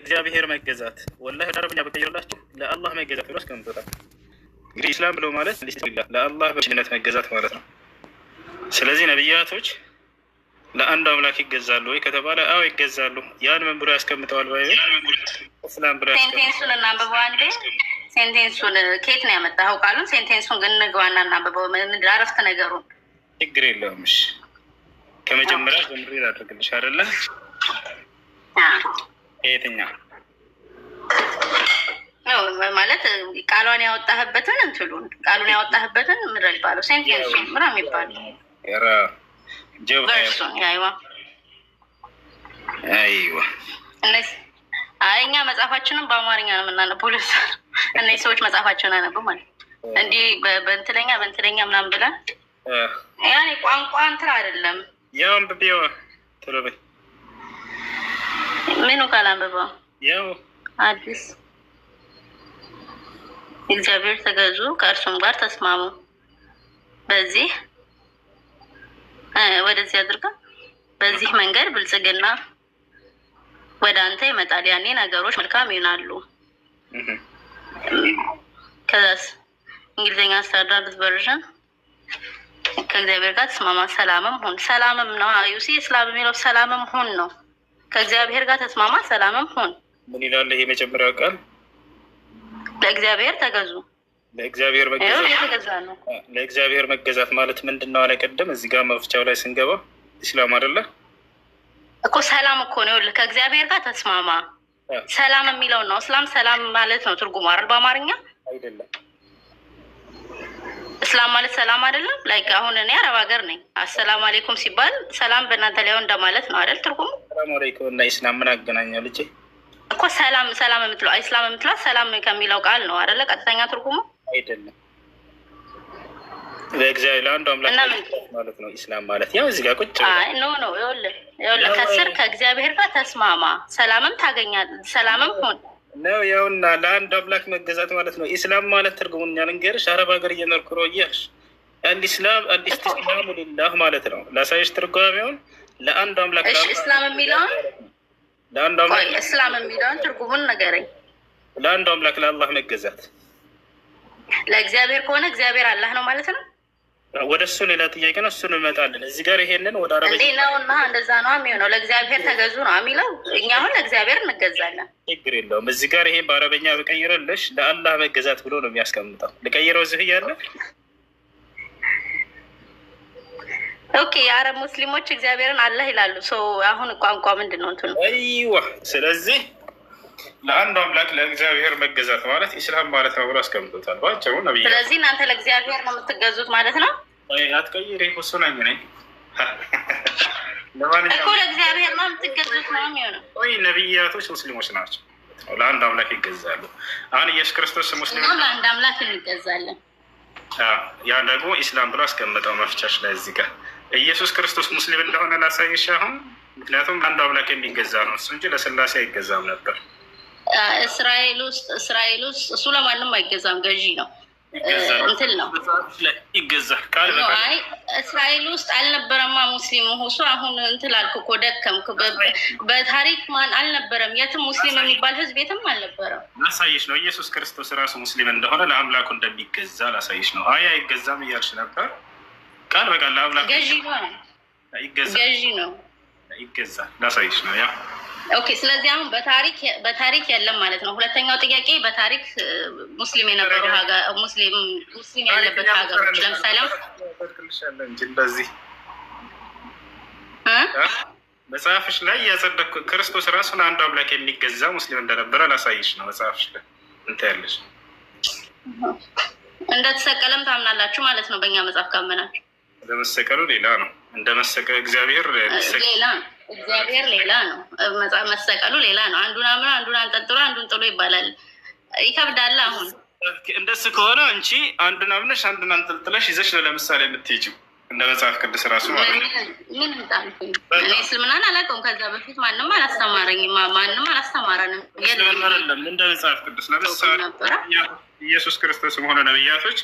እግዚአብሔር መገዛት ወላሂ አረብኛ በቀይርላችሁ ለአላህ መገዛት ብሎ አስቀምጦታል። እንግዲህ ኢስላም ብሎ ማለት ለአላህ በብቸኝነት መገዛት ማለት ነው። ስለዚህ ነቢያቶች ለአንድ አምላክ ይገዛሉ ወይ ከተባለ አዎ ይገዛሉ። ያን ምን ያስቀምጠዋል? ባይ ኢስላም ብሎ ሴንቴንሱን እናንብበው አንዴ። ሴንቴንሱን ኬት ነው ያመጣኸው? ቃሉን ሴንቴንሱን ግን ንግባና እናንብበው። አረፍተ ነገሩን ችግር የለውም። እሺ ከመጀመሪያ ጀምሬ ላደርግልሽ አይደለ የትኛው ማለት ቃሏን ያወጣህበትን እንትሉን ቃሉን ያወጣህበትን ምድረ ይባለው ሴንቴንሱ ምራ የሚባለው ቨርሱን አይዋ እኛ መጽሐፋችንም በአማርኛ ነው የምናነበው። ለዛ እነዚህ ሰዎች መጽሐፋቸውን አያነቡም ማለት እንዲህ በእንትለኛ በእንትለኛ ምናምን ብለን ያኔ ቋንቋ እንትን አይደለም ያው ቶሎ በይ ምኑ ካላንብበው ያው አዲስ እግዚአብሔር ተገዙ፣ ከእርሱም ጋር ተስማሙ። በዚህ ወደዚህ አድርጋ በዚህ መንገድ ብልጽግና ወደ አንተ ይመጣል። ያኔ ነገሮች መልካም ይሆናሉ። ከዛስ እንግሊዝኛ ስታንዳርድ ቨርዥን ከእግዚአብሔር ጋር ተስማማ፣ ሰላምም ሁን። ሰላምም ነው ዩሲ እስላም የሚለው ሰላምም ሁን ነው። ከእግዚአብሔር ጋር ተስማማ፣ ሰላምም ሆን ምን ይላል ይሄ መጀመሪያው ቃል? ለእግዚአብሔር ተገዙ። ለእግዚአብሔር መገዛት ማለት ምንድን ነው? አለቀደም እዚህ ጋር መፍቻው ላይ ስንገባ ስላም አደለ እኮ ሰላም እኮ ነው። ይኸውልህ ከእግዚአብሔር ጋር ተስማማ፣ ሰላም የሚለውን ነው። እስላም ሰላም ማለት ነው ትርጉሙ አይደል? በአማርኛ አይደለም እስላም ማለት ሰላም አይደለም። ላይክ አሁን እኔ አረብ ሀገር ነኝ። አሰላም አሌይኩም ሲባል ሰላም በእናንተ ላይ እንደማለት ነው አይደል? ትርጉሙ ሰላም አሌይኩም እና ኢስላም ምን አገናኛል? ልጄ እኮ ሰላም ሰላም የምትለው ኢስላም የምትለው ሰላም ከሚለው ቃል ነው አይደለ? ቀጥተኛ ትርጉሙ አይደለም። ለእግዚአብሔር ለአንዱ አምላክ ማለት ነው ኢስላም ማለት ያው እዚህ ጋር ቁጭ ኖ ኖ ይኸውልህ ይኸውልህ ከስር ከእግዚአብሔር ጋር ተስማማ፣ ሰላምም ታገኛለህ፣ ሰላምም ሆን ነው ይኸውና፣ ለአንድ አምላክ መገዛት ማለት ነው። ኢስላም ማለት ትርጉሙን ልንገርሽ። አረብ ሀገር እየኖርኩ እያልሽ አልስላም አልስትስላሙ ሊላህ ማለት ነው። ላሳይሽ ትርጓሜውን። ለአንድ አምላክ እስላም የሚለውን ለአንድ አምላክ እስላም የሚለውን ትርጉሙን ንገረኝ። ለአንድ አምላክ ለአላህ መገዛት ለእግዚአብሔር ከሆነ እግዚአብሔር አላህ ነው ማለት ነው። ወደ እሱ ሌላ ጥያቄ ነው። እሱን እንመጣለን። እዚህ ጋር ይሄንን ወደ አረ እንዴ ነው እና እንደዛ ነው የሚሆነው። ለእግዚአብሔር ተገዙ ነው የሚለው። እኛ አሁን ለእግዚአብሔር እንገዛለን፣ ችግር የለውም። እዚህ ጋር ይሄን በአረበኛ በቀይረልሽ ለአላህ መገዛት ብሎ ነው የሚያስቀምጠው። ልቀይረው እዚህ እያለ ኦኬ። የአረብ ሙስሊሞች እግዚአብሔርን አላህ ይላሉ። ሰው አሁን ቋንቋ ምንድን ነው እንትኑ? አይዋ ስለዚህ ለአንዱ አምላክ ለእግዚአብሔር መገዛት ማለት ኢስላም ማለት ነው ብሎ አስቀምጦታል ባጭሩ ነብይ። ስለዚህ እናንተ ለእግዚአብሔር ነው የምትገዙት ማለት ነው። አትቀይር ሁሱ ነኝ ነኝ እኮ ለእግዚአብሔር ነው የምትገዙት ነው የሚሆነው። ወይ ነቢያቶች ሙስሊሞች ናቸው፣ ለአንድ አምላክ ይገዛሉ። አሁን ኢየሱስ ክርስቶስ ሙስሊም ነው፣ ለአንድ አምላክ እንገዛለን። ያ ደግሞ ኢስላም ብሎ አስቀምጠው መፍቻች ላይ እዚህ ጋር ኢየሱስ ክርስቶስ ሙስሊም እንደሆነ ላሳይሽ አሁን። ምክንያቱም አንዱ አምላክ የሚገዛ ነው እሱ እንጂ ለስላሴ አይገዛም ነበር። እስራኤል ውስጥ እስራኤል ውስጥ እሱ ለማንም አይገዛም፣ ገዢ ነው እንትል ነው ይገዛል። አይ እስራኤል ውስጥ አልነበረማ ሙስሊም ሁሱ አሁን እንትል አልክ እኮ ደከምክ። በታሪክ ማን አልነበረም? የትም ሙስሊም የሚባል ህዝብ የትም አልነበረም። ላሳየሽ ነው ኢየሱስ ክርስቶስ ራሱ ሙስሊም እንደሆነ ለአምላኩ እንደሚገዛ ላሳይሽ ነው። አይ አይገዛም እያልሽ ነበር። ቃል በቃል ለአምላኩ ገዢ ነው፣ ይገዛ ላሳይሽ ነው ያ ኦኬ ስለዚህ አሁን በታሪክ በታሪክ የለም ማለት ነው። ሁለተኛው ጥያቄ በታሪክ ሙስሊም የነበሩ ሙስሊም ሙስሊም ያለበት ሀገሮች ለምሳሌ በዚህ መጽሐፍሽ ላይ ያጸደኩ ክርስቶስ ራሱን አንዱ አምላክ የሚገዛ ሙስሊም እንደነበረ ላሳይሽ ነው። መጽሐፍሽ ላይ እንት ያለሽ እንደተሰቀለም ታምናላችሁ ማለት ነው። በእኛ መጽሐፍ ካመናችሁ እንደመሰቀሉ ሌላ ነው። እንደመሰቀ እግዚአብሔር ሌላ ነው እግዚአብሔር ሌላ ነው፣ መጽሐፍ መሰቀሉ ሌላ ነው። አንዱን አምኖ አንዱን አንጠልጥሎ አንዱን ጥሎ ይባላል። ይከብዳል። አሁን እንደሱ ከሆነ እንቺ አንዱን አምነሽ አንዱን አንጠልጥለሽ ይዘሽ ነው ለምሳሌ የምትሄጂው እንደ መጽሐፍ ቅዱስ ራሱ ማለት ምን እኔ እስልምናን አላውቀውም። ከዛ በፊት ማንም አላስተማረኝም፣ ማንም አላስተማረንም። እንደ መጽሐፍ ቅዱስ ለምሳሌ ኢየሱስ ክርስቶስ መሆኑ ነብያቶች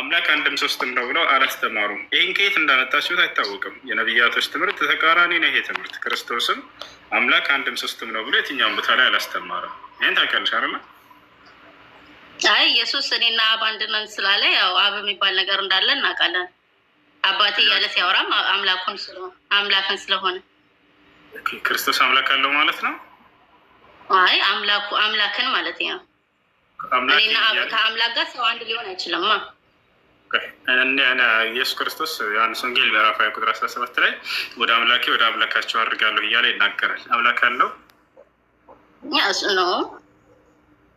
አምላክ አንድም ሶስትም ነው ብለው አላስተማሩም። ይህን ከየት እንዳመጣችሁት አይታወቅም። የነቢያቶች ትምህርት ተቃራኒ ነው ይሄ ትምህርት። ክርስቶስም አምላክ አንድም ሶስትም ነው ብሎ የትኛውን ቦታ ላይ አላስተማረም። ይህን ታውቂያለሽ አይደለ? አይ ኢየሱስ እኔና አብ አንድ ነን ስላለ ያው አብ የሚባል ነገር እንዳለ እናውቃለን። አባቴ እያለ ሲያወራም አምላኩን አምላክን ስለሆነ ክርስቶስ አምላክ አለው ማለት ነው። አይ አምላኩ አምላክን ማለት ነው። እኔና አብ ከአምላክ ጋር ሰው አንድ ሊሆን አይችልም። ኢየሱስ ክርስቶስ ዮሐንስ ወንጌል ምዕራፍ ሃያ ቁጥር አስራ ሰባት ላይ ወደ አምላኬ ወደ አምላካቸው አድርጋለሁ እያለ ይናገራል። አምላክ አለው እሱ ነው።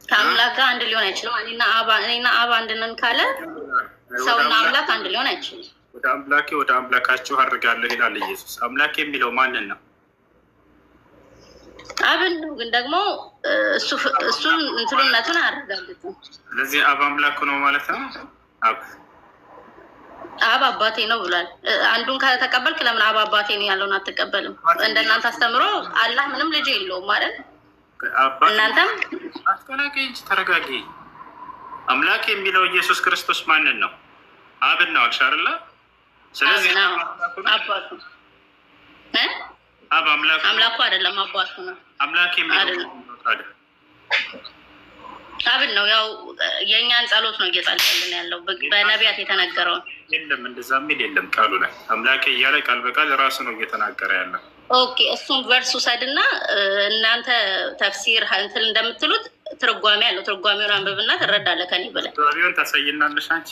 ከአምላክ ጋር አንድ ሊሆን አይችልም። እኔና አብ አንድ ነን ካለ ሰውና አምላክ አንድ ሊሆን አይችልም። ወደ አምላኬ ወደ አምላካቸው አድርጋለሁ ይላል ኢየሱስ። አምላክ የሚለው ማንን ነው? አብን ነው። ግን ደግሞ እሱን እንትሉነቱን አያረጋግጥም። ስለዚህ አብ አምላክ ነው ማለት ነው። አብ አብ አባቴ ነው ብሏል። አንዱን ከተቀበልክ ለምን አብ አባቴ ነው ያለውን አትቀበልም? እንደናንተ አስተምሮ አላህ ምንም ልጅ የለውም ማለት እናንተም አስተናቂ እንጂ ተረጋጊ። አምላክ የሚለው ኢየሱስ ክርስቶስ ማንን ነው? አብን ነው አልሽ አይደለ? ስለዚህ አባቱ አብ አምላኩ አይደለም አባቱ ነው አምላክ የሚለው አብን ነው ያው የእኛን ጸሎት ነው እየጸለልን ያለው በነቢያት የተነገረውን። የለም እንደዛ የሚል የለም። ቃሉ ላይ አምላኬ እያለ ቃል በቃል ራሱ ነው እየተናገረ ያለው። ኦኬ እሱም ቨርስ ውሰድ እና እናንተ ተፍሲር እንትን እንደምትሉት ትርጓሜ አለው። ትርጓሜውን አንብብና ትረዳለ ከኔ ብለ ትርጓሜውን ታሳይናለሽ አንቺ።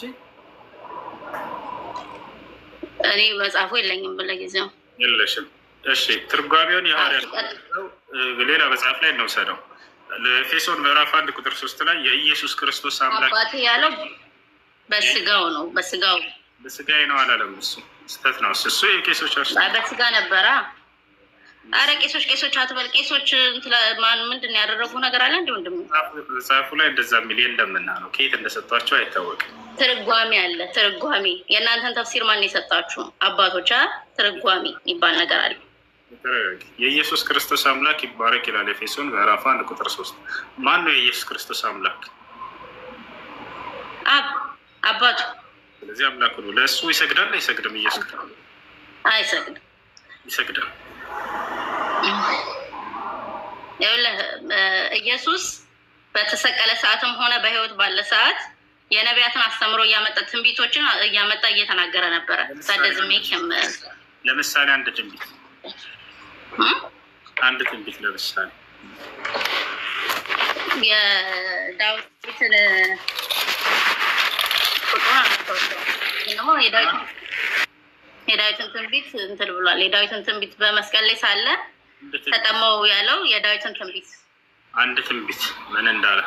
እኔ መጽሐፉ የለኝም ብለ ጊዜው የለሽም። እሺ ትርጓሜውን ያህል ሌላ መጽሐፍ ላይ እንውሰደው ለኤፌሶን ምዕራፍ አንድ ቁጥር ሶስት ላይ የኢየሱስ ክርስቶስ አምላክ አባቴ ያለው በስጋው ነው። በስጋው በስጋዬ ነው አላለም። እሱ ስተት ነው። እሱ የቄሶች በስጋ ነበረ። አረ ቄሶች ቄሶች አትበል። ቄሶች ማን ምንድን ያደረጉ ነገር አለ እንዲሁ ወንድም መጽሐፉ ላይ እንደዛ የሚል እንደምና ነው። ከየት እንደሰጧቸው አይታወቅም። ትርጓሜ አለ። ትርጓሜ የእናንተን ተፍሲር ማን የሰጣችሁ አባቶች? ትርጓሜ ይባል ነገር አለ የኢየሱስ ክርስቶስ አምላክ ይባረክ ይላል ኤፌሶን ምዕራፍ አንድ ቁጥር ሶስት ማን ነው የኢየሱስ ክርስቶስ አምላክ? አብ አባቱ። ስለዚህ አምላክ ነው። ለእሱ ይሰግዳል አይሰግድም? ኢየሱስ አይሰግድም። ይሰግዳል። ኢየሱስ በተሰቀለ ሰዓትም ሆነ በህይወት ባለ ሰዓት የነቢያትን አስተምሮ እያመጣ ትንቢቶችን እያመጣ እየተናገረ ነበረ። ሳደዝሜ ለምሳሌ አንድ ትንቢት አንድ ትንቢት ለምሳሌ የዳዊትን ትንቢት እንትን ብሏል። የዳዊትን ትንቢት በመስቀል ላይ ሳለ ተጠመው ያለው የዳዊትን ትንቢት አንድ ትንቢት ምን እንዳለ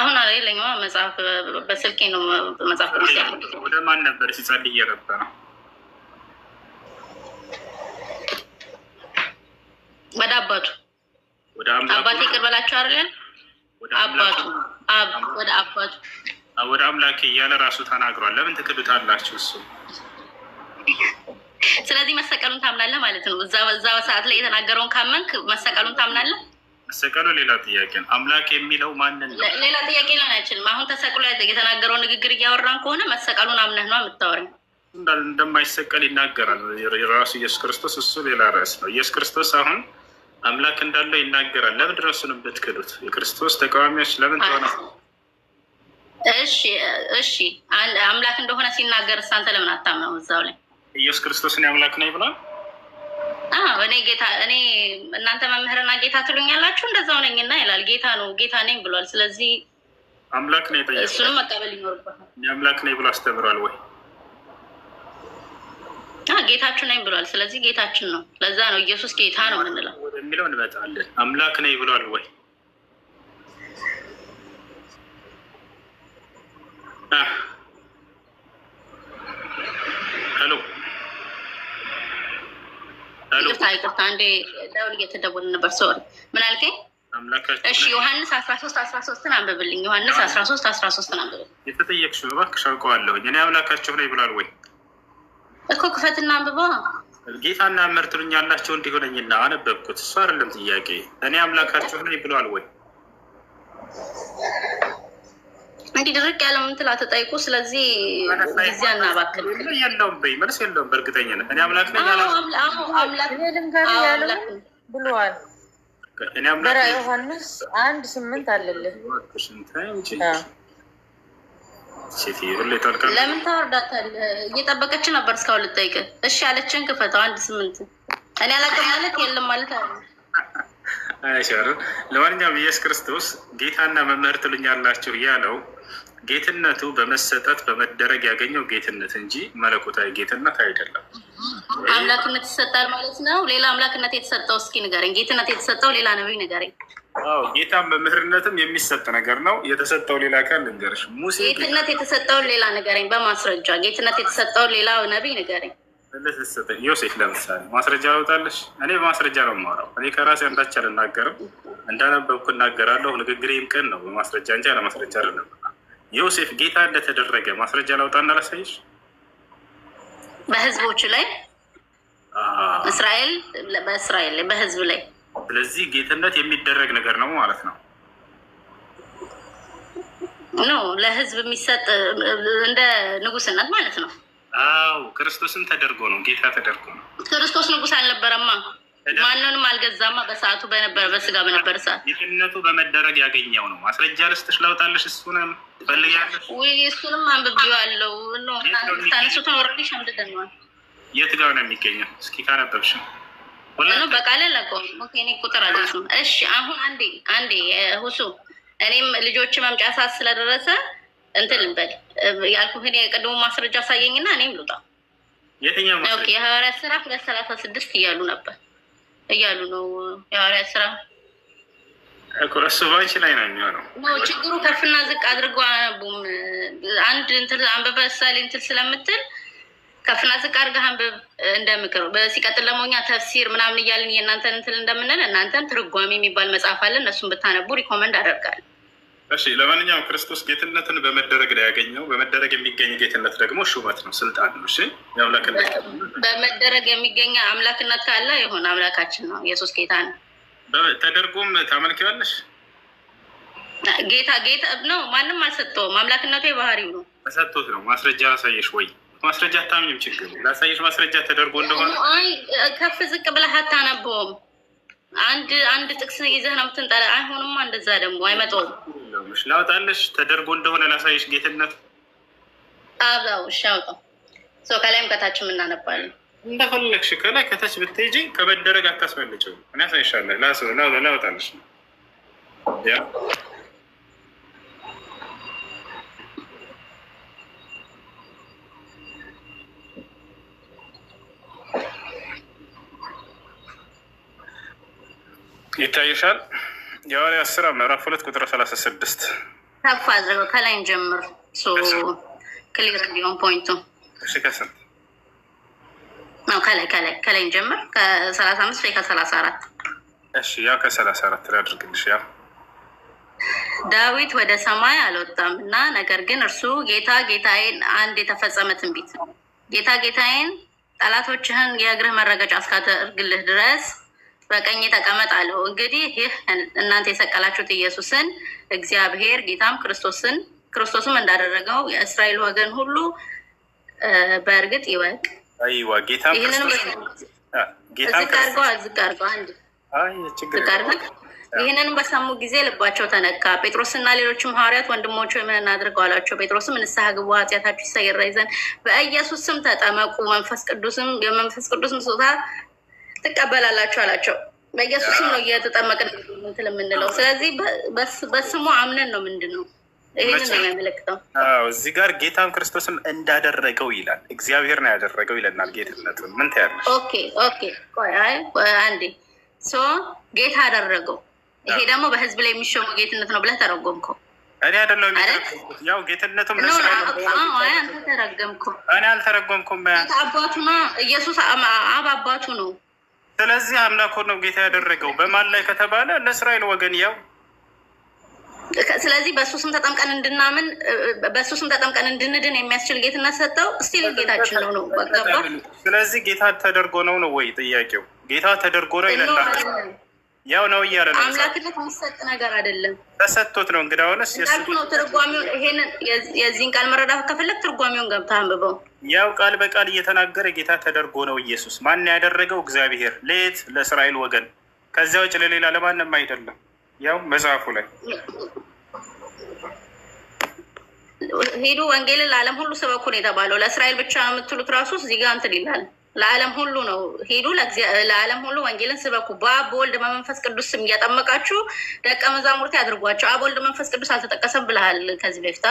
አሁን አለ ለኛ መጽሐፍ በስልኬ ነው። መጽሐፍ ወደ ማን ነበር ሲጸልይ የነበረው? አባቱ አባቴ ይቅር በላቸው አይደል? አባቱ ወደ አባቱ ወደ አምላክ እያለ ራሱ ተናግሯል። ለምን ትክዱታላችሁ? እሱ ስለዚህ መሰቀሉን ታምናለህ ማለት ነው። እዛ ሰዓት ላይ የተናገረውን ካመንክ መሰቀሉን ታምናለህ። መሰቀሉ ሌላ ጥያቄ ነው። አምላክ የሚለው ማንን ነው? ሌላ ጥያቄ ሊሆን አይችልም። አሁን ተሰቅሎ የተናገረው ንግግር እያወራን ከሆነ መሰቀሉን አምነህ ነው የምታወራኝ። እንደማይሰቀል ይናገራል የራሱ ኢየሱስ ክርስቶስ። እሱ ሌላ ርዕስ ነው። ኢየሱስ ክርስቶስ አሁን አምላክ እንዳለ ይናገራል። ለምንድን ነው እሱን የምትክዱት? የክርስቶስ ተቃዋሚዎች ለምን ሆነ? እሺ እሺ፣ አምላክ እንደሆነ ሲናገር እሳንተ ለምን አታምነው? እዛው ላይ ኢየሱስ ክርስቶስን አምላክ ነኝ ብሏል። እኔ ጌታ እኔ እናንተ መምህርና ጌታ ትሉኛላችሁ እንደዛው ነኝና ይላል። ጌታ ነው ጌታ ነኝ ብሏል። ስለዚህ አምላክ ነኝ፣ እሱንም መቀበል ይኖርበታል። አምላክ ነኝ ብሎ አስተምሯል ወይ? ጌታችን ነኝ ብሏል። ስለዚህ ጌታችን ነው። ለዛ ነው ኢየሱስ ጌታ ነው ምንለው የሚለው እንመጣለን። አምላክ ነኝ ብሏል ወይ? ሄሎ ይቅርታ፣ ይቅርታ አንዴ ደውል እየተደወለ ነበር። ሰው ምን አልከኝ? እሺ ዮሐንስ አስራ ሶስት አስራ ሶስትን አንብብልኝ። ዮሐንስ አስራ ሶስት አስራ ሶስትን አንብብልኝ። የተጠየቅሽ እባክሽ አውቀዋለሁኝ እኔ አምላካቸው ነኝ ብሏል ወይ? እኮ ክፈትና አንብባ ጌታና መርትሉኝ ያላቸው እንዲሆነኝና አነበብኩት። እሱ አይደለም ጥያቄ። እኔ አምላካችሁ ነኝ ብሏል ወይ? እንዲህ ድርቅ ያለ ምንትል አተጠይቁ። ስለዚህ ጊዜ አናባክል። የለውም በይ መልስ የለውም። በእርግጠኛ ነ እኔ አምላክ ነኝ ብሏል። እኔ አምላክ ዮሐንስ አንድ ስምንት አለልህ ለምን ታወርዳታለህ? እየጠበቀች ነበር እስካሁን ልጠይቅ። እሺ ያለችን ክፈተው። አንድ ስምንት እኔ አላውቅም ማለት የለም ማለት አለ አይሻልም። ለማንኛውም ኢየሱስ ክርስቶስ ጌታና መምህር ትሉኛላችሁ ያለው ጌትነቱ በመሰጠት በመደረግ ያገኘው ጌትነት እንጂ መለኮታዊ ጌትነት አይደለም። አምላክነት ይሰጣል ማለት ነው። ሌላ አምላክነት የተሰጠው እስኪ ንገረኝ። ጌትነት የተሰጠው ሌላ ነብይ ንገረኝ። ጌታ መምህርነትም የሚሰጥ ነገር ነው። የተሰጠው ሌላ ቀን ልንገርሽ፣ ሙሴ ጌትነት የተሰጠውን ሌላ ንገረኝ፣ በማስረጃ ጌትነት የተሰጠውን ሌላ ነቢይ ንገረኝ። ዮሴፍ ለምሳሌ ማስረጃ ያወጣለሽ። እኔ በማስረጃ ነው የማወራው። እኔ ከራሴ አንዳች አልናገርም፣ እንዳነበብኩ እናገራለሁ። ንግግሬም ቀን ነው፣ በማስረጃ እንጂ ለማስረጃ አይደለም። ዮሴፍ ጌታ እንደተደረገ ማስረጃ ለውጣ እና በህዝቦቹ ላይ እስራኤል በእስራኤል በህዝብ ላይ ስለዚህ ጌትነት የሚደረግ ነገር ነው ማለት ነው። ኖ ለህዝብ የሚሰጥ እንደ ንጉስነት ማለት ነው። አዎ ክርስቶስን ተደርጎ ነው፣ ጌታ ተደርጎ ነው። ክርስቶስ ንጉስ አልነበረማ፣ ማንንም አልገዛማ። በሰዓቱ በነበረ በስጋ በነበረ ሰዓት ጌትነቱ በመደረግ ያገኘው ነው። ማስረጃ ልስጥሽ፣ ላውጣልሽ። እሱንም ትፈልጊያለሽ? እሱንም አንብቤዋለሁ። ታነሱትን ወረሽ አምድደነዋል። የት ጋር ነው የሚገኘው? እስኪ ካነበብሽ ነው በቃለ ለቆ እኔ ቁጥር አልደረስም። እሺ አሁን አንዴ አንዴ ሁሱ እኔም ልጆች መምጫ ሰዓት ስለደረሰ እንትን ልበል ያልኩህን የቅድሙ ማስረጃ አሳየኝና እኔም ልውጣ። የሐዋርያት ስራ ሁለት ሰላሳ ስድስት እያሉ ነበር እያሉ ነው የሐዋርያት ስራ እሱ ቫይስ ላይ ነው የሚሆነው። ችግሩ ከፍና ዝቅ አድርገው አነቡም አንድ አንበበ ሳሌ እንትን ስለምትል ከፍና ዝቅ አድርገህ አንብብ እንደምክር። ሲቀጥል ደግሞ እኛ ተፍሲር ምናምን እያልን የእናንተን እንትን እንደምንል እናንተን ትርጓሜ የሚባል መጽሐፍ አለን እነሱን ብታነቡ ሪኮመንድ አደርጋለሁ። እሺ፣ ለማንኛውም ክርስቶስ ጌትነትን በመደረግ ላይ ያገኘው፣ በመደረግ የሚገኝ ጌትነት ደግሞ ሹመት ነው፣ ስልጣን ነው። እሺ፣ በመደረግ የሚገኝ አምላክነት ካለ የሆነ አምላካችን ነው፣ ኢየሱስ ጌታ ነው። ተደርጎም ታመልኪዋለሽ። ጌታ ጌታ ነው፣ ማንም አልሰጠውም። አምላክነቱ የባህሪው ነው፣ ተሰጥቶት ነው። ማስረጃ አሳየሽ ወይ? ማስረጃ አታምኝም። ችግር ላሳየሽ ማስረጃ ተደርጎ እንደሆነ አይ ከፍ ዝቅ ብለህ አታነበውም። አንድ አንድ ጥቅስ ይዘህ ነው የምትንጠለ። አይሆንማ እንደዛ ደግሞ አይመጣውም። ላውጣለሽ ተደርጎ እንደሆነ ላሳየሽ ጌትነት አብዛው እሺ፣ አውጣው ሰው ከላይም ከታችም እናነባለን። እንደፈለግሽ ከላይ ከታች ብትሄጂ ከመደረግ አታስመልጭው። እኔ አሳይሻለሁ። ላውጣለሽ ያ ይታይሻል። የሐዋርያት ስራ ምዕራፍ ሁለት ቁጥር ሰላሳ ስድስት ከፍ አድርገው ከላይም ጀምር ክሊር እንዲሆን ፖይንቱ ከስንት ነው? ከላይ ከላይ ከላይም ጀምር ከሰላሳ አምስት ወይ ከሰላሳ አራት እሺ፣ ያው ከሰላሳ አራት ላይ አድርግልሽ። ያው ዳዊት ወደ ሰማይ አልወጣም እና ነገር ግን እርሱ ጌታ ጌታዬን፣ አንድ የተፈጸመ ትንቢት ነው። ጌታ ጌታዬን ጠላቶችህን የእግርህ መረገጫ እስካደርግልህ ድረስ በቀኝ ተቀመጣለሁ። እንግዲህ ይህ እናንተ የሰቀላችሁት ኢየሱስን እግዚአብሔር ጌታም ክርስቶስን ክርስቶስም እንዳደረገው የእስራኤል ወገን ሁሉ በእርግጥ ይወቅ። ይህንንም በሰሙ ጊዜ ልባቸው ተነካ። ጴጥሮስና ሌሎችም ሐዋርያት ወንድሞቹ ምን እናድርገው አሏቸው። ጴጥሮስም ንስሐ ግቡ፣ ኃጢአታችሁ ይሰረይ ዘንድ በኢየሱስ ስም ተጠመቁ፣ መንፈስ ቅዱስም የመንፈስ ቅዱስም ስጦታ ትቀበላላችሁ አላቸው። በኢየሱስም ነው እየተጠመቅን እንትን የምንለው። ስለዚህ በስሙ አምነን ነው ምንድን ነው ይህንን ነው እዚህ ጋር ጌታን ክርስቶስም እንዳደረገው ይላል። እግዚአብሔር ነው ያደረገው ይለናል። ጌትነቱ ምን ትያለሽ? ኦኬ ኦኬ፣ አንዴ ሶ ጌታ አደረገው። ይሄ ደግሞ በህዝብ ላይ የሚሾሙ ጌትነት ነው ብለህ ተረጎምከው። እኔ አይደለሁም ያው ጌትነቱም አንተ ተረገምከው። እኔ አልተረጎምኩም። አባቱ ነው ኢየሱስ አብ አባቱ ነው ስለዚህ አምላክ ነው ጌታ ያደረገው በማን ላይ ከተባለ ለእስራኤል ወገን ያው ስለዚህ በእሱ ስም ተጠምቀን እንድናምን በእሱ ስም ተጠምቀን እንድንድን የሚያስችል ጌትነት ሰጠው። ስቲል ጌታችን ነው ነው ገባ። ስለዚህ ጌታ ተደርጎ ነው ነው ወይ ጥያቄው? ጌታ ተደርጎ ነው ይለላል ያው ነው እያለ ነው። አምላክነት የሚሰጥ ነገር አይደለም፣ ተሰጥቶት ነው። እንግዲህ አሁንስ እንዳልኩ ነው ትርጓሜው። ይሄንን የዚህን ቃል መረዳት ከፈለግ ትርጓሚውን ገብተህ አንብበው። ያው ቃል በቃል እየተናገረ ጌታ ተደርጎ ነው ኢየሱስ። ማን ያደረገው? እግዚአብሔር ለየት ለእስራኤል ወገን፣ ከዚያ ውጭ ለሌላ ለማንም አይደለም። ያው መጽሐፉ ላይ ሄዱ ወንጌልን ለዓለም ሁሉ ስበኩ ነው የተባለው። ለእስራኤል ብቻ የምትሉት ራሱ እዚህ ጋር እንትን ይላል። ለዓለም ሁሉ ነው። ሄዱ ለዓለም ሁሉ ወንጌልን ስበኩ፣ በአብ በወልድ በመንፈስ ቅዱስ ስም እያጠመቃችሁ ደቀ መዛሙርት ያድርጓቸው። አብ ወልድ መንፈስ ቅዱስ አልተጠቀሰም ብለሃል ከዚህ በፊት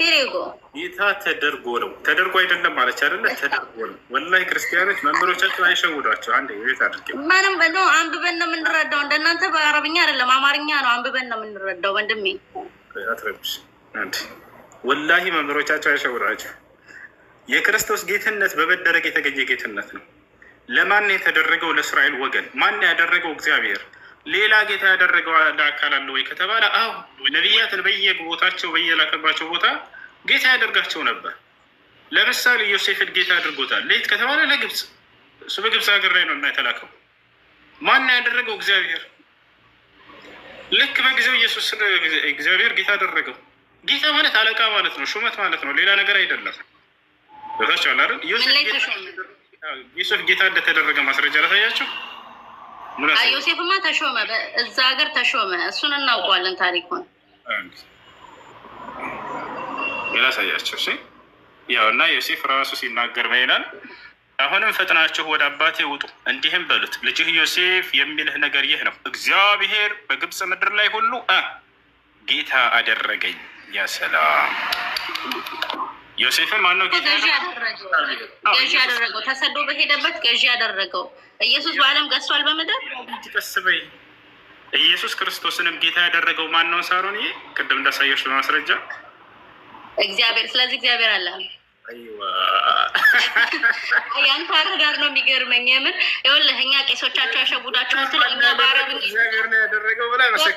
ሄሪጎ ጌታ ተደርጎ ነው ተደርጎ አይደለም ማለች አደለ ተደርጎ ነው። ወላይ ክርስቲያኖች መምህሮቻቸው አይሸውዷቸው። አንድ ቤት አድርጌ ምንም ነው አንብበን ነው የምንረዳው። እንደእናንተ በአረብኛ አደለም አማርኛ ነው አንብበን ነው የምንረዳው። ወንድሜ አትረብሽ። ወላሂ መምህሮቻቸው አይሸውዷቸው። የክርስቶስ ጌትነት በመደረግ የተገኘ ጌትነት ነው። ለማን የተደረገው? ለእስራኤል ወገን። ማን ያደረገው? እግዚአብሔር። ሌላ ጌታ ያደረገው አካል አለ ወይ ከተባለ አሁ ነቢያትን በየቦታቸው በየላከባቸው ቦታ ጌታ ያደርጋቸው ነበር። ለምሳሌ ዮሴፍን ጌታ አድርጎታል። ሌት ከተባለ ለግብፅ እሱ በግብፅ ሀገር ላይ ነው እና የተላከው ማን ያደረገው? እግዚአብሔር። ልክ በጊዜው ኢየሱስ እግዚአብሔር ጌታ አደረገው። ጌታ ማለት አለቃ ማለት ነው፣ ሹመት ማለት ነው፣ ሌላ ነገር አይደለም። በታችኋል አይደል? ዮሴፍ ጌታ እንደተደረገ ማስረጃ ላሳያቸው። ዮሴፍማ ተሾመ፣ እዛ ሀገር ተሾመ። እሱን እናውቀዋለን ታሪኩን የላሳያቸው እሺ። ያው እና ዮሴፍ ራሱ ሲናገር ይላል? አሁንም ፈጥናችሁ ወደ አባቴ ውጡ፣ እንዲህም በሉት ልጅህ ዮሴፍ የሚልህ ነገር ይህ ነው፣ እግዚአብሔር በግብፅ ምድር ላይ ሁሉ ጌታ አደረገኝ። ያ ዮሴፍን ማነው ገዢ ያደረገው? ተሰዶ በሄደበት ገዢ ያደረገው ኢየሱስ በዓለም ገዝቷል በምድር ቀስ በይ። ኢየሱስ ክርስቶስንም ጌታ ያደረገው ማን ነው? ሳሮን ይሄ ቅድም እንዳሳየሽ በማስረጃ እግዚአብሔር። ስለዚህ እግዚአብሔር አለ። ያንተ አረዳር ነው የሚገርመኝ። የምን ይኸውልህ፣ እኛ ቄሶቻቸው ያሸቡዳችሁትን እኛ በአረብ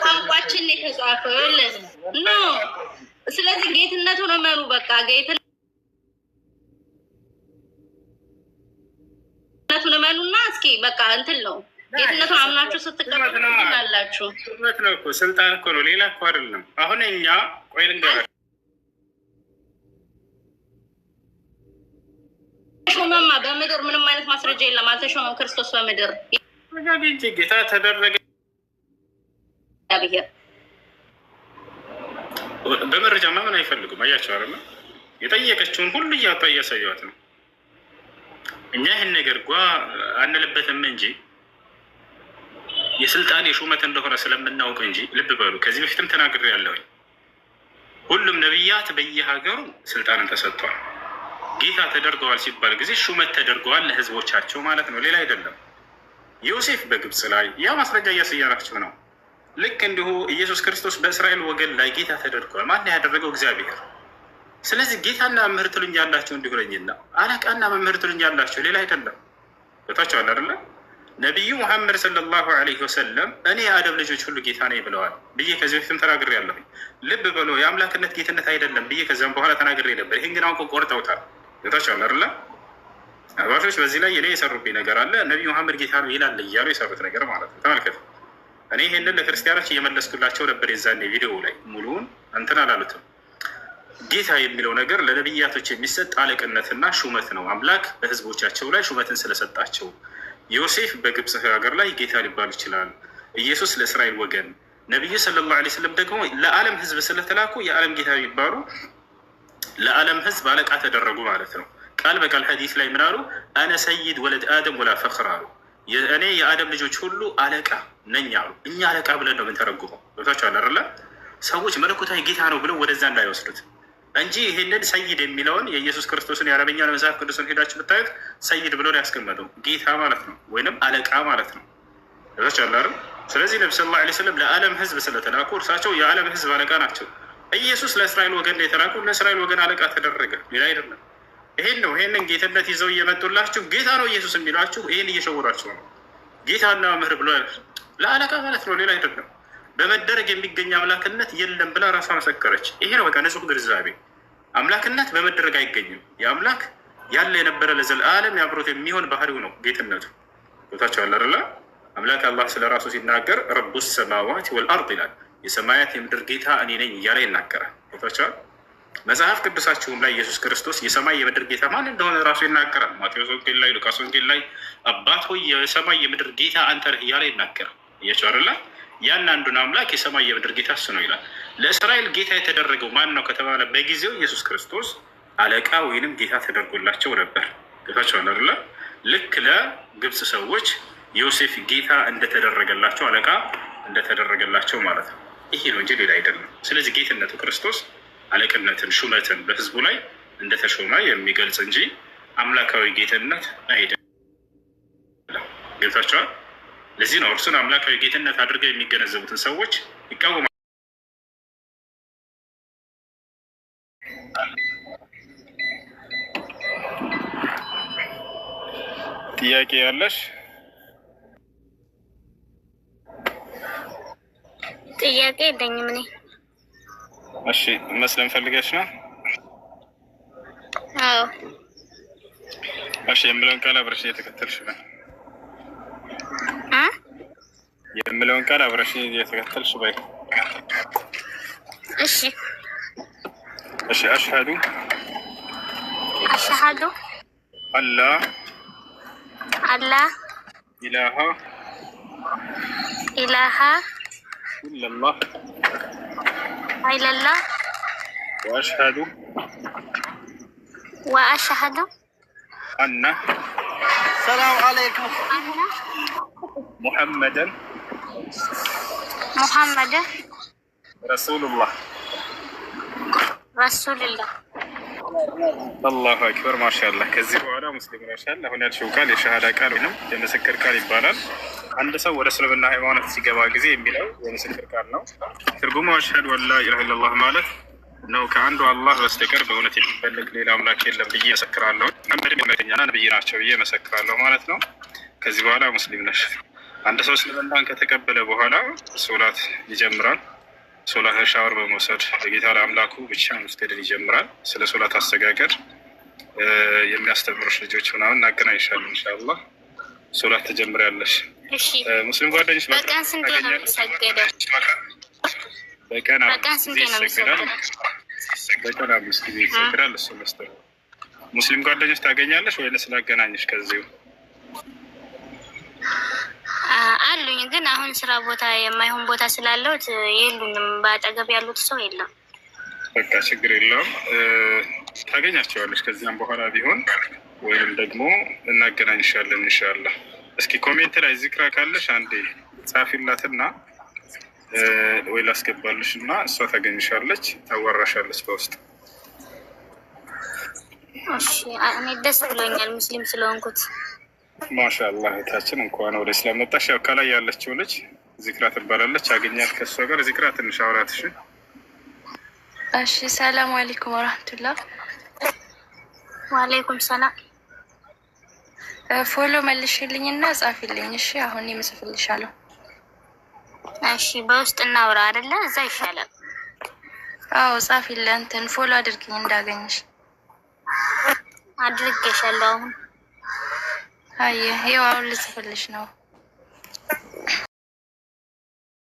ቋንቋችን የተጻፈ ይኸውልህ ነው። ስለዚህ ጌትነቱ ነው መሩ በቃ ጌት በሉና እስኪ በቃ እንትን ነው ጌትነቱን አምናችሁ ስትቀበሉ አላችሁ። ነው እኮ ስልጣን እኮ ነው፣ ሌላ እኮ አይደለም። አሁን እኛ ቆይ ልንገርህ ሾመማ በምድር ምንም አይነት ማስረጃ የለም። አልተሾመም ክርስቶስ በምድር እንጂ ጌታ ተደረገ በመረጃማ ምን አይፈልጉም። አያቸው አለ የጠየቀችውን ሁሉ እያባ እያሳየዋት ነው እኛ ይህን ነገር ጓ አንልበትም እንጂ የስልጣን የሹመት እንደሆነ ስለምናውቅ እንጂ ልብ በሉ። ከዚህ በፊትም ተናግሬ ያለሁኝ ሁሉም ነቢያት በየሀገሩ ስልጣንን ተሰጥቷል። ጌታ ተደርገዋል ሲባል ጊዜ ሹመት ተደርገዋል ለህዝቦቻቸው ማለት ነው፣ ሌላ አይደለም። ዮሴፍ በግብፅ ላይ ያ ማስረጃ እያስያራችሁ ነው። ልክ እንዲሁ ኢየሱስ ክርስቶስ በእስራኤል ወገን ላይ ጌታ ተደርገዋል። ማን ያደረገው? እግዚአብሔር ስለዚህ ጌታና መምህር ትሉኝ ያላችሁ እንዲሁረኝና አለቃና መምህር ትሉኝ ያላቸው ሌላ አይደለም። በታቸዋል አደለ? ነቢዩ ሙሐመድ ሰለላሁ አለይሂ ወሰለም እኔ የአደም ልጆች ሁሉ ጌታ ነኝ ብለዋል ብዬ ከዚህ በፊትም ተናግሬ ያለሁ። ልብ በሎ የአምላክነት ጌትነት አይደለም ብዬ ከዚያም በኋላ ተናግሬ ነበር። ይህን ግን አሁን ቆርጠውታል። በታቸዋል አደለ? አባቶች በዚህ ላይ እኔ የሰሩብኝ ነገር አለ። ነቢዩ መሐመድ ጌታ ነው ይላል እያሉ የሰሩት ነገር ማለት ነው። ተመልከት። እኔ ይህንን ለክርስቲያኖች እየመለስኩላቸው ነበር የዛኔ ቪዲዮ ላይ ሙሉውን እንትን አላሉትም ጌታ የሚለው ነገር ለነቢያቶች የሚሰጥ አለቅነትና ሹመት ነው። አምላክ በህዝቦቻቸው ላይ ሹመትን ስለሰጣቸው ዮሴፍ በግብፅ ሀገር ላይ ጌታ ሊባል ይችላል። ኢየሱስ ለእስራኤል ወገን፣ ነቢዩ ሰለላሁ ዐለይሂ ወሰለም ደግሞ ለዓለም ህዝብ ስለተላኩ የዓለም ጌታ የሚባሉ ለዓለም ህዝብ አለቃ ተደረጉ ማለት ነው። ቃል በቃል ሐዲስ ላይ ምናሉ አነ ሰይድ ወለድ አደም ወላ ፈክር አሉ። እኔ የአደም ልጆች ሁሉ አለቃ ነኝ አሉ። እኛ አለቃ ብለን ነው የምንተረጉመው። ቦታቸው አለ ሰዎች መለኮታዊ ጌታ ነው ብለው ወደዛ እንዳይወስዱት እንጂ ይህንን ሰይድ የሚለውን የኢየሱስ ክርስቶስን የአረበኛ ለመጽሐፍ ቅዱስን ሄዳችሁ ብታዩት ሰይድ ብሎ ያስቀመጠው ጌታ ማለት ነው፣ ወይንም አለቃ ማለት ነው። ዛች ስለዚህ ነቢ ስለ ላ ስለም ለዓለም ህዝብ ስለተላኩ እርሳቸው የዓለም ህዝብ አለቃ ናቸው። ኢየሱስ ለእስራኤል ወገን የተላኩ ለእስራኤል ወገን አለቃ ተደረገ፣ ሌላ አይደለም። ይሄን ነው ይሄንን ጌትነት ይዘው እየመጡላችሁ ጌታ ነው ኢየሱስ የሚሏችሁ ይህን እየሸወራችሁ ነው። ጌታና መምህር ብሎ ለአለቃ ማለት ነው፣ ሌላ አይደለም። በመደረግ የሚገኝ አምላክነት የለም ብላ ራሷ መሰከረች። ይሄ ነው በቃ ንጹህ ግንዛቤ። አምላክነት በመደረግ አይገኝም። የአምላክ ያለ የነበረ ለዘለዓለም ያብሮት የሚሆን ባህሪው ነው ጌትነቱ። ቦታቸው አለርላ አምላክ አላህ ስለ ራሱ ሲናገር ረቡ ሰማዋት ወልአርድ ይላል። የሰማያት የምድር ጌታ እኔ ነኝ እያለ ይናገራል። ቦታቸዋል መጽሐፍ ቅዱሳችሁም ላይ ኢየሱስ ክርስቶስ የሰማይ የምድር ጌታ ማን እንደሆነ ራሱ ይናገራል። ማቴዎስ ወንጌል ላይ፣ ሉቃስ ወንጌል ላይ አባት ሆይ የሰማይ የምድር ጌታ አንተ ነህ እያለ ይናገራል። እያቸው ያን አንዱን አምላክ የሰማይ የምድር ጌታ እሱ ነው ይላል። ለእስራኤል ጌታ የተደረገው ማን ነው ከተባለ በጊዜው ኢየሱስ ክርስቶስ አለቃ ወይንም ጌታ ተደርጎላቸው ነበር። ጌታቸውን አይደለ ልክ ለግብፅ ሰዎች ዮሴፍ ጌታ እንደተደረገላቸው አለቃ እንደተደረገላቸው ማለት ነው። ይሄ ነው እንጂ ሌላ አይደለም። ስለዚህ ጌትነቱ ክርስቶስ አለቅነትን፣ ሹመትን በህዝቡ ላይ እንደተሾመ የሚገልጽ እንጂ አምላካዊ ጌትነት አይደለም። ገብታችኋል? ለዚህ ነው እርሱን አምላካዊ ጌትነት አድርገው የሚገነዘቡትን ሰዎች ይቃወማል። ጥያቄ ያለሽ? ጥያቄ የለኝም እኔ። እሺ መስለን ፈልገሽ ነው? አዎ። እሺ የምለውን ቃል አብረሽ እየተከተልሽ ነው የምለውን ቃል አብረሽኝ እየተከተልሽ በይ። እሺ እሺ። አሽሀዱ አሽሀዱ አላ አላ ኢላሃ ኢላሃ ኢለላህ ኢለላህ ወአሽሀዱ وأشهد أن السلام عليكم محمدا ሙሐመድ ረሱሉላህ ረሱሉላህ አላሁ አክበር ማሻአላህ። ከዚህ በኋላ ሙስሊም ሆነሻል። አሁን ያልሽው ቃል የሸሃዳ ቃል ወይም የምስክር ቃል ይባላል። አንድ ሰው ወደ እስልምና ሃይማኖት ሲገባ ጊዜ የሚለው የምስክር ቃል ነው። ትርጉሙ አሽሀዱ አላ ኢላሀ ኢለላህ ማለት ነው። ከአንዱ አላህ በስተቀር በእውነት የሚፈልግ ሌላ አምላክ የለም ብዬ መሰክራለሁ። መድኛና ነብይ ናቸው ብዬ መሰክራለሁ ማለት ነው። ከዚህ በኋላ ሙስሊም ነሽ። አንድ ሰው እስልምናን ከተቀበለ በኋላ ሶላት ይጀምራል። ሶላት ሻወር በመውሰድ ለጌታ ለአምላኩ ብቻ መስገድን ይጀምራል። ስለ ሶላት አስተጋገድ የሚያስተምሩሽ ልጆች ምናምን እናገናኝሻለን እንሻላ ሶላት ትጀምሪያለሽ። ሙስሊም ጓደኞች በቀን ስንቴ ነው ይሰገዳል። በቀን አምስት ጊዜ ይሰገዳል። እሱ መስጠ ሙስሊም ጓደኞች ታገኛለሽ ወይ ስላገናኘሽ ከዚሁ አሉኝ ግን አሁን ስራ ቦታ የማይሆን ቦታ ስላለሁት የሉንም። በአጠገብ ያሉት ሰው የለም። በቃ ችግር የለውም፣ ታገኛቸዋለች። ከዚያም በኋላ ቢሆን ወይም ደግሞ እናገናኝሻለን እንሻላ። እስኪ ኮሜንት ላይ ዚክራ ካለሽ አንዴ ጻፊላትና ወይ ላስገባልሽ እና እሷ ታገኝሻለች፣ ታዋራሻለች በውስጥ እኔ ደስ ብሎኛል ሙስሊም ስለሆንኩት ማሻላ እህታችን እንኳን ወደ እስላም መጣሽ። ያው ከላይ ያለችው ልጅ ዚክራ ትባላለች። አገኛት ከእሷ ጋር ዚክራ ትንሽ አውራት። እሺ እሺ። ሰላም አለይኩም ወራህመቱላህ። ወአለይኩም ሰላም። ፎሎ መልሽልኝ እና ጻፊልኝ። እሺ አሁን የምጽፍልሻለሁ። እሺ በውስጥ እናውራ አይደለ? እዛ ይሻላል። አዎ ጻፊልን። እንትን ፎሎ አድርግኝ እንዳገኝሽ። አድርጌሻለሁ አሁን አየህ፣ ይኸው አሁን ልጽፍልሽ ነው።